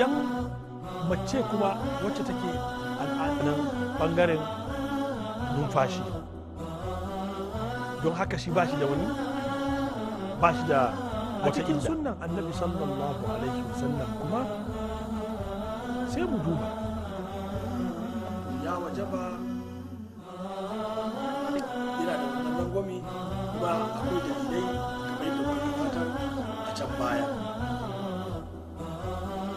idan mace kuma wacce take al'adunan bangaren numfashi don haka shi ba shi da wani ba shi da wata cikin sunan, annabi sallallahu alaihi wasallam kuma sai mu duba ya waje ba yana da wani gwami ba akwai dai kamar yadda wani a can baya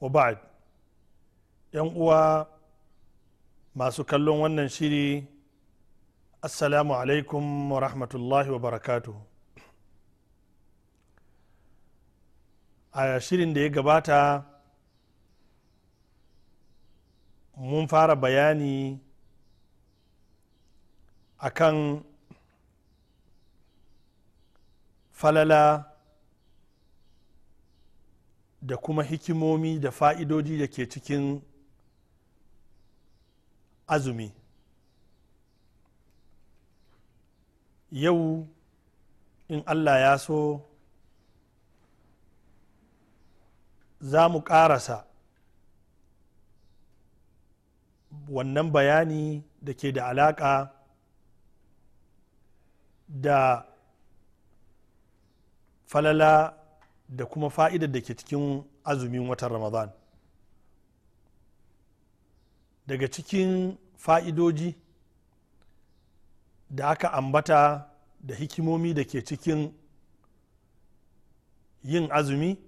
وبعد yan uwa masu kallon wannan shiri assalamu alaikum wa rahmatullahi wa barakatu a shirin da ya gabata mun fara bayani akan falala da kuma hikimomi da fa'idodi da ke cikin azumi yau in allah ya so za mu ƙarasa wannan bayani da ke da alaƙa da falala da kuma fa'idar da ke cikin azumin watan ramadan daga cikin fa'idoji da aka ambata da hikimomi da ke cikin yin azumi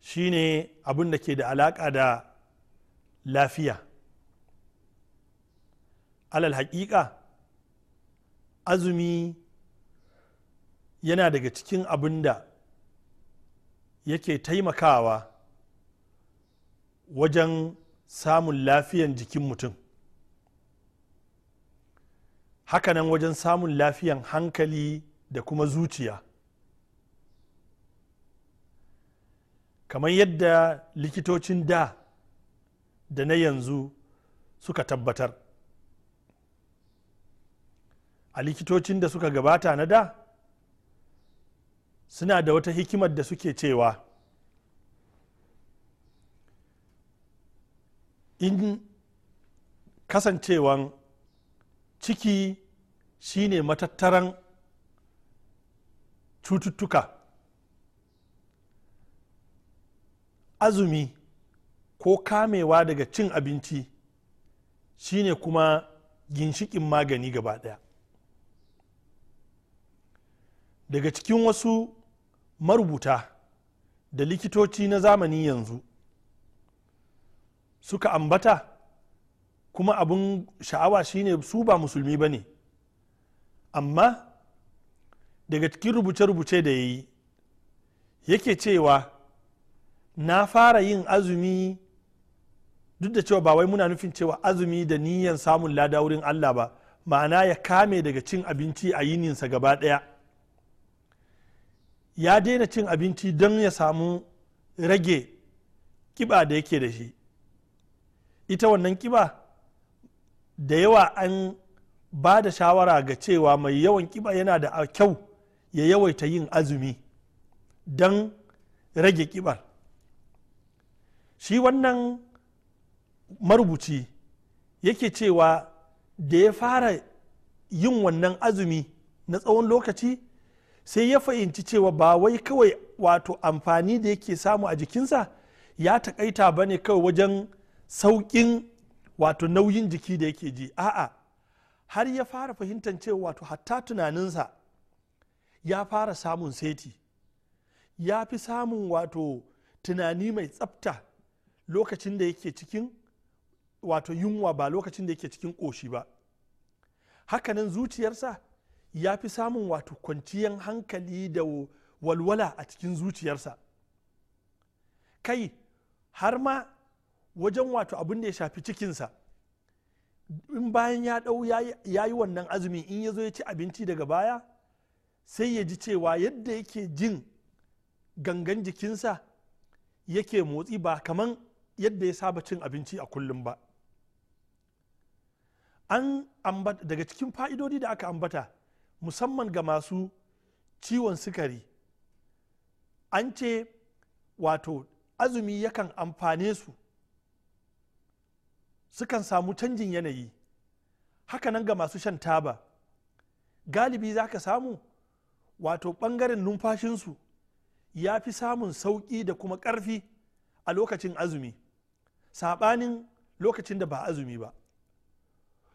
shine abin da ke da alaƙa da lafiya alal haƙiƙa azumi yana daga cikin abin da yake taimakawa wajen samun lafiyan jikin mutum hakanan wajen samun lafiyan hankali da kuma zuciya kamar yadda likitocin da da na yanzu suka tabbatar a likitocin da suka gabata na da suna da wata hikimar da suke cewa in kasancewan ciki shine matattaran cututtuka azumi ko kamewa daga cin abinci shine kuma ginshikin magani gaba daya daga cikin wasu marubuta da likitoci na zamani yanzu suka ambata kuma abin sha'awa shine su ba musulmi ba ne amma daga cikin rubuce-rubuce da ya yi yake cewa na fara yin azumi duk da cewa ba wai muna nufin cewa azumi da niyan samun lada wurin allah ba ma'ana ya kame daga cin abinci a yininsa gaba ɗaya ya daina cin abinci don ya samu rage kiba da yake da shi ita wannan kiba da yawa an ba da shawara ga cewa mai yawan kiba yana da kyau ya yawaita yin azumi don rage kibar shi wannan marubuci yake cewa da ya fara yin wannan azumi na tsawon lokaci sai ya fahimci cewa ba wai kawai wato amfani da yake samu a jikinsa ya takaita ba ne kawai wajen sauƙin wato nauyin jiki da yake ji a'a har ya fara fahimtar cewa wato hatta tunaninsa ya fara samun seti ya fi samun wato tunani mai tsafta lokacin da yake cikin wato yunwa ba lokacin da yake cikin ƙoshi ba hakanan zuciyarsa ya fi samun wato kwanciyar hankali da walwala a cikin zuciyarsa kai har ma wajen wato abin da ya shafi cikinsa in bayan ya ɗau ya yi wannan azumi in ya zo ya ci abinci daga baya sai ya ji cewa yadda yake jin gangan jikinsa yake motsi ba kaman yadda ya saba cin abinci a kullum ba an ambata daga cikin fa'idodi da aka ambata musamman ga masu ciwon sukari an ce wato azumi yakan amfane su sukan samu canjin yanayi hakanan ga masu shan taba galibi za ka samu wato ɓangaren numfashinsu ya fi samun sauƙi da kuma ƙarfi a lokacin azumi saɓanin lokacin da ba azumi ba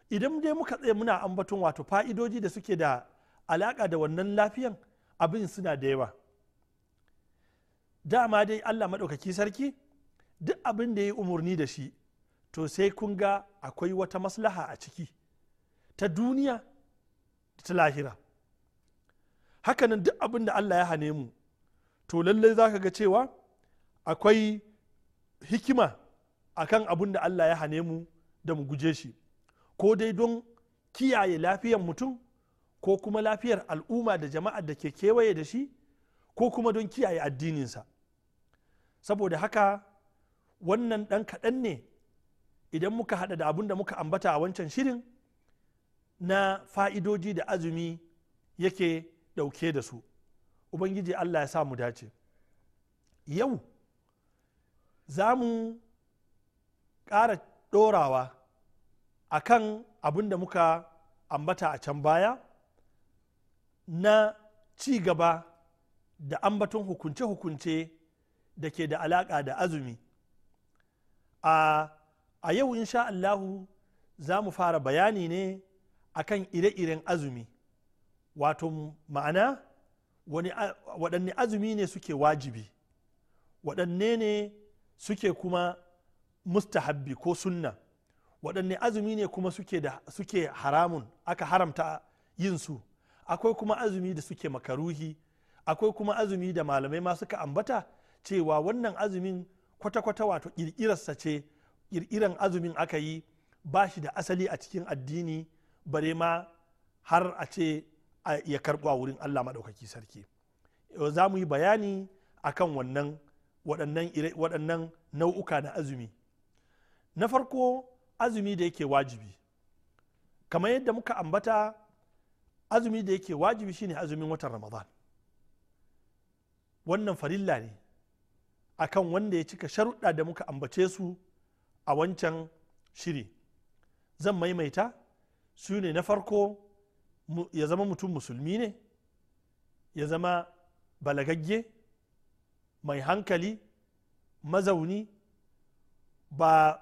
idan dai muka tsaye muna ambaton wato fa'idoji da suke da alaƙa da wannan lafiyan abin suna da yawa dama dai allah maɗaukaki sarki duk abin da ya yi umarni da shi to sai kun ga akwai wata maslaha a ciki ta duniya da ta lahira hakanan duk abin da allah ya hane mu to lallai za ka ga cewa akwai hikima akan abin da allah ya hane mu da mu guje shi ko dai don kiyaye lafiyan mutum ko kuma lafiyar al'umma da jama'ar da ke kewaye da shi ko kuma don kiyaye addininsa saboda haka wannan ɗan kaɗan ne idan muka haɗa da abin da muka ambata a wancan shirin na fa'idoji da azumi yake ɗauke da su ubangiji allah ya sa mu dace yau za mu ƙara ɗorawa akan kan abin da muka ambata a can baya na ci gaba da ambaton hukunce-hukunce da ke da alaƙa da azumi a a yau insha Allahu za mu fara bayani ne akan ire-iren azumi wato ma'ana waɗanne azumi ne suke wajibi waɗanne ne suke kuma mustahabbi ko sunna waɗanne azumi ne kuma suke, suke haramun aka haramta yin su akwai kuma azumi da suke makaruhi akwai kuma azumi da malamai ma suka ambata cewa wannan azumin kwata-kwata wato ƙirƙirarsa ce ƙirƙiran azumin aka yi ba shi da asali a cikin addini bare ma har a ce ya karɓo a wurin allah maɗaukaki sarki za mu yi bayani a kan wannan waɗannan nau'uka na azumi na farko azumi da yake wajibi kamar yadda muka ambata azumi da yake wajibi shine azumin watan ramadan wannan farilla ne akan wanda ya cika sharuɗa da muka ambace su a wancan shiri zan maimaita su ne na farko ya zama mutum musulmi ne ya zama balagagge mai hankali mazauni ba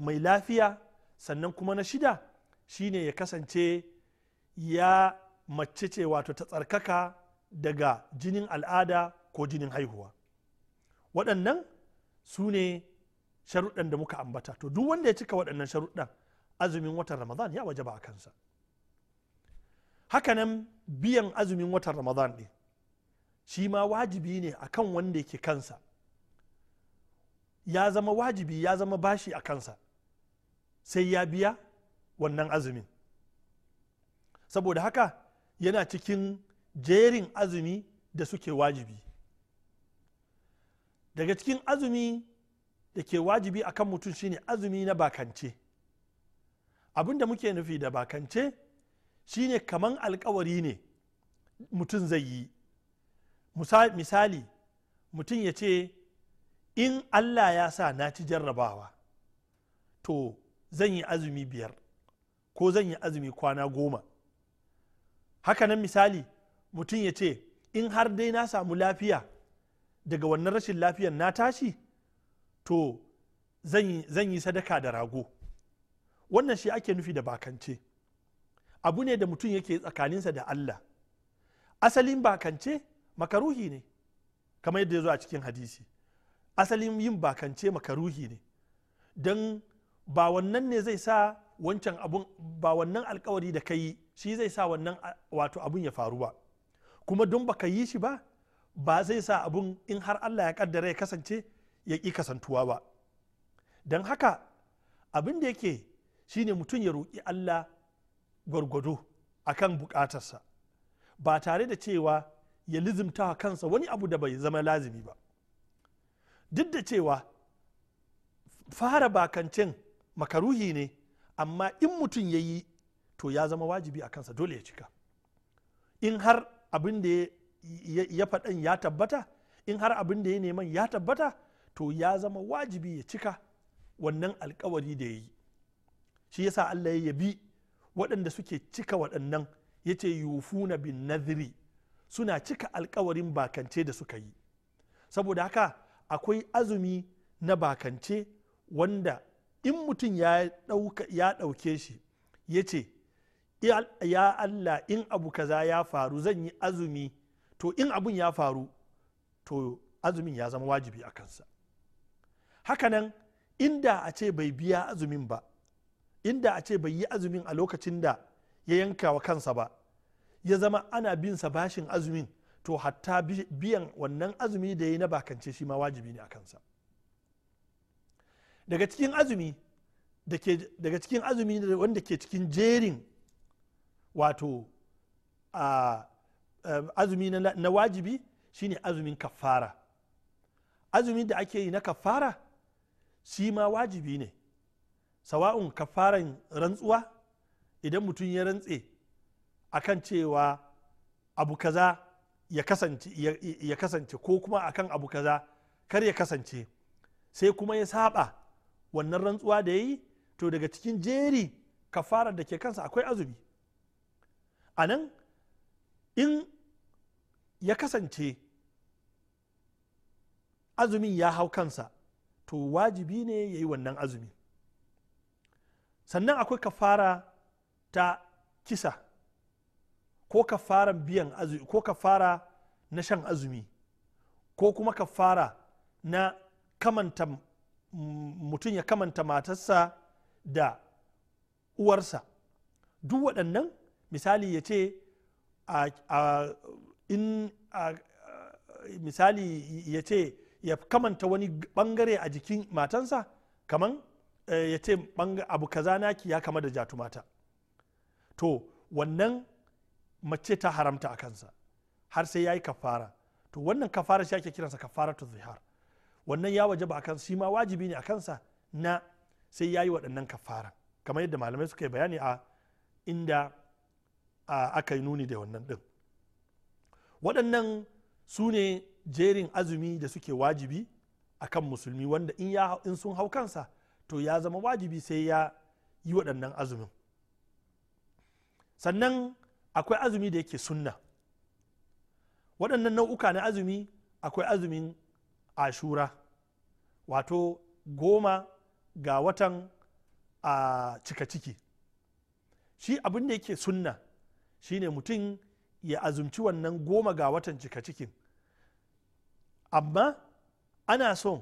mai lafiya sannan kuma na shida shine ya kasance ya mace ce wato ta tsarkaka daga jinin al'ada ko jinin haihuwa waɗannan su ne sharuɗan da muka ambata to duk wanda ya cika waɗannan sharuɗan azumin watan ramadan ya wajaba a kansa hakanan biyan azumin watan ramadan ɗin shi ma wajibi ne a kan wanda yake kansa ya zama wajibi ya zama bashi a kansa sai ya biya wannan azumin saboda haka yana cikin jerin azumi da suke wajibi daga cikin azumi da ke wajibi a kan mutum shine azumi na bakance abin da muke nufi da bakance shine kaman alkawari ne mutum zai yi misali mutum ya ce in allah ya sa na ci jarrabawa to zan yi azumi biyar ko zan yi azumi kwana goma hakanan misali mutum ya ce in har dai na samu lafiya daga wannan rashin lafiyar na tashi to zan yi sadaka da rago wannan shi ake nufi da bakance abu ne da mutum yake tsakaninsa da allah asalin bakance makaruhi ne kamar yadda ya zo a cikin hadisi asalin yin bakance makaruhi ne don ba wannan ne zai sa wancan abun ba wannan alkawari da ka yi shi zai sa wannan wato abun ya faru ba kuma don baka yi shi ba ba zai sa abun in har Allah ya kaddara ya kasance ya ƙi kasantuwa ba don haka abin da yake ne mutum ya roƙi Allah gwargwado a kan buƙatarsa ba tare da cewa ya lizimta kansa wani abu da bai zama lazimi ba duk da cewa fara bakancin makaruhi ne amma in mutum ya yi to ya zama wajibi a kansa dole ya cika in har abin da ya faɗan ya tabbata in har abin da ya neman ya tabbata to ya zama wajibi ya cika wannan alkawari da ya yi shi yasa Allah ya yabi waɗanda suke cika waɗannan ya ce na bin nadhiri suna cika alkawarin bakance da suka yi saboda haka akwai azumi na bakance wanda in mutum ya ɗauke shi ya ce ya Allah in abu kaza ya faru zan yi azumi to in abun ya faru to azumin ya zama wajibi a kansa hakanan inda a ce bai biya azumin ba inda a ce bai yi azumin a lokacin da ya yanka wa kansa ba ya zama ana bin sa bashin azumin to hatta biyan wannan azumi da ya yi na bakance shi ma wajibi ne a kansa daga cikin azumi daga cikin azumi wanda ke cikin jerin wato azumi na wajibi shine azumin kafara azumin da ake yi na kafara shi ma wajibi ne sawa'un kafaran rantsuwa idan mutum ya rantse akan cewa abu kaza ya kasance ko kuma akan abu kaza kar ya kasance sai kuma ya saba wannan rantsuwa da ya yi to daga cikin jeri kafarar da ke kansa akwai azumi a nan in ya kasance azumin ya hau kansa to wajibi ne ya yi wannan azumi sannan akwai kafara ta kisa ko kafara biyan azumi ko kafara na shan azumi ko kuma kafara na kamanta mutum ya kamanta matarsa da uwarsa duk waɗannan misali ya ce in misali ya ce ya kamanta wani bangare a jikin matansa kaman eh, ya ce abu kaza naki ya kama da jatumata to wannan mace ta haramta a kansa har sai ya yi kafara to wannan kafara shi ake kiransa kafara ta zihar wannan ya waje ba a kansa shi ma wajibi ne a kansa na sai ya yi waɗannan kafara kamar yadda malamai suka yi bayani a inda aka yi nuni da wannan ɗin waɗannan su ne jerin azumi da suke wajibi a kan musulmi wanda in, ya, in sun hau kansa to ya zama wajibi sai ya yi waɗannan azumin sannan akwai azumi da yake sunna waɗannan nau'uka na azumi akwai azumin ashura wato goma ga watan a cika ciki shi abin da yake sunna shine mutum ya azumci wannan goma ga watan cika cikin amma ana son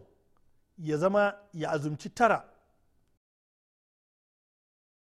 ya zama ya azumci tara